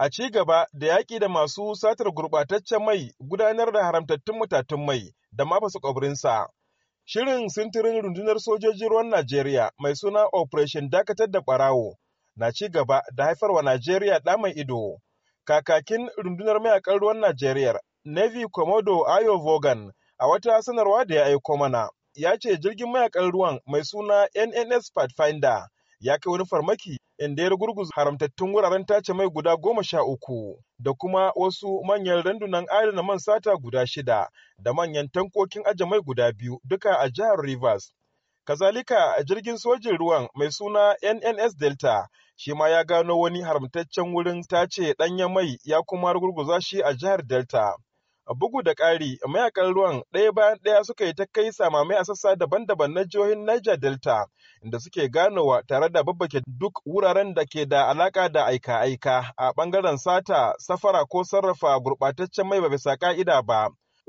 a ci gaba da yaƙi da masu satar gurbataccen mai gudanar da haramtattun matatun mai da ma fasu ƙwabrinsa. Shirin sintirin rundunar sojojin ruwan Najeriya mai suna Operation Dakatar da Ɓarawo na ci gaba da haifarwa Najeriya ɗa mai ido. Kakakin rundunar mayakan ruwan Najeriya, Navy Komodo Ayo Vogan, a wata sanarwa da ya aiko mana, ya ce jirgin mayakan ruwan mai suna NNS Pathfinder ya kai wani farmaki inda ya rugurguza haramtattun wuraren tace mai guda goma sha uku da kuma wasu manyan randunan adana man sata guda shida da manyan tankokin aje mai guda biyu duka a jihar Rivers. Kazalika jirgin sojin ruwan mai suna NNS Delta shi ma ya gano wani haramtaccen wurin tace ɗanyen mai ya kuma rugurguza shi a jihar Delta. Bugu da ƙari, mayakan ruwan ɗaya bayan ɗaya suka yi ta kai samame a sassa daban-daban na jihohin Niger Delta, inda suke ganowa tare da babbake duk wuraren da ke da alaka da aika-aika a ɓangaren sata, safara ko sarrafa gurɓataccen mai ba bisa ƙa'ida ba.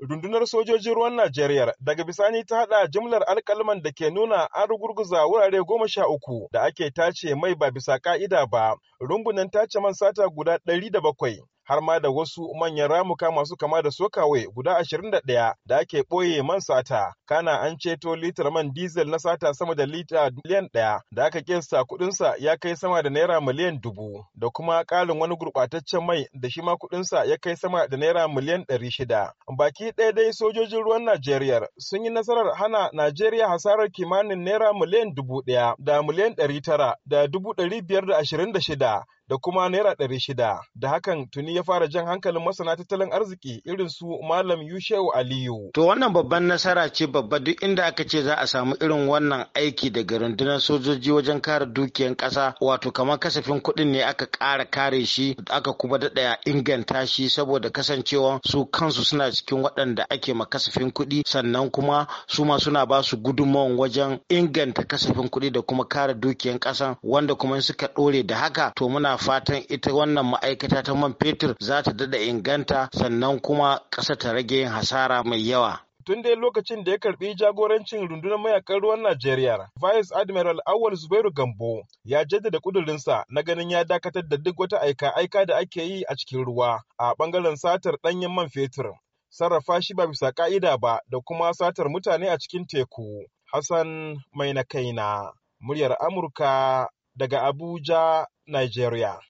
rundunar sojojin ruwan Najeriya daga bisani ta haɗa jimlar alkalaman da ke nuna an rugurguza wurare goma sha uku da ake tace mai ba bisa ƙa'ida ba, rumbunan tace man sata guda ɗari da bakwai, har ma da wasu manyan ramuka masu kama da sokawe guda 21 da ake ɓoye man sata. Kana an ceto litar man diesel na sata sama da lita miliyan ɗaya da aka kesa kuɗinsa ya kai sama da naira miliyan dubu da kuma ƙalin wani gurɓataccen mai da shi ma kuɗinsa ya kai sama da naira miliyan ɗari shida. Baki ɗaya dai sojojin ruwan Najeriya sun yi nasarar hana Najeriya hasarar kimanin naira miliyan dubu ɗaya da miliyan ɗari tara da dubu ɗari biyar da ashirin da shida da kuma naira ɗari shida da hakan tuni ya fara jan hankalin masana tattalin arziki irin su malam yushewu aliyu to wannan babban nasara ce babba duk inda aka ce za a samu irin wannan aiki daga rundunar sojoji wajen kare dukiyan ƙasa wato kamar kasafin kuɗin ne aka ƙara kare shi aka kuma daɗa inganta shi saboda kasancewa su kansu suna cikin waɗanda ake ma kasafin kuɗi sannan kuma su ma suna ba su gudunmawan wajen inganta kasafin kuɗi da kuma kare dukiyan ƙasa wanda kuma suka ɗore da haka to muna fatan ita wannan ma'aikata ta man fetur za ta dada inganta sannan kuma ƙasa ta rage yin hasara mai yawa. tun dai lokacin da ya karbi jagorancin rundunar mayakan ruwan Najeriya, Vice Admiral Awal Zubairu Gambo ya jaddada kudurinsa na ganin ya dakatar da duk wata aika-aika da ake yi a cikin ruwa a ɓangaren satar ɗanyen man fetur, sarrafa shi ba bisa ƙa'ida ba da kuma satar mutane a cikin teku. Hassan Mai na kaina, muryar Amurka daga Abuja, Nigeria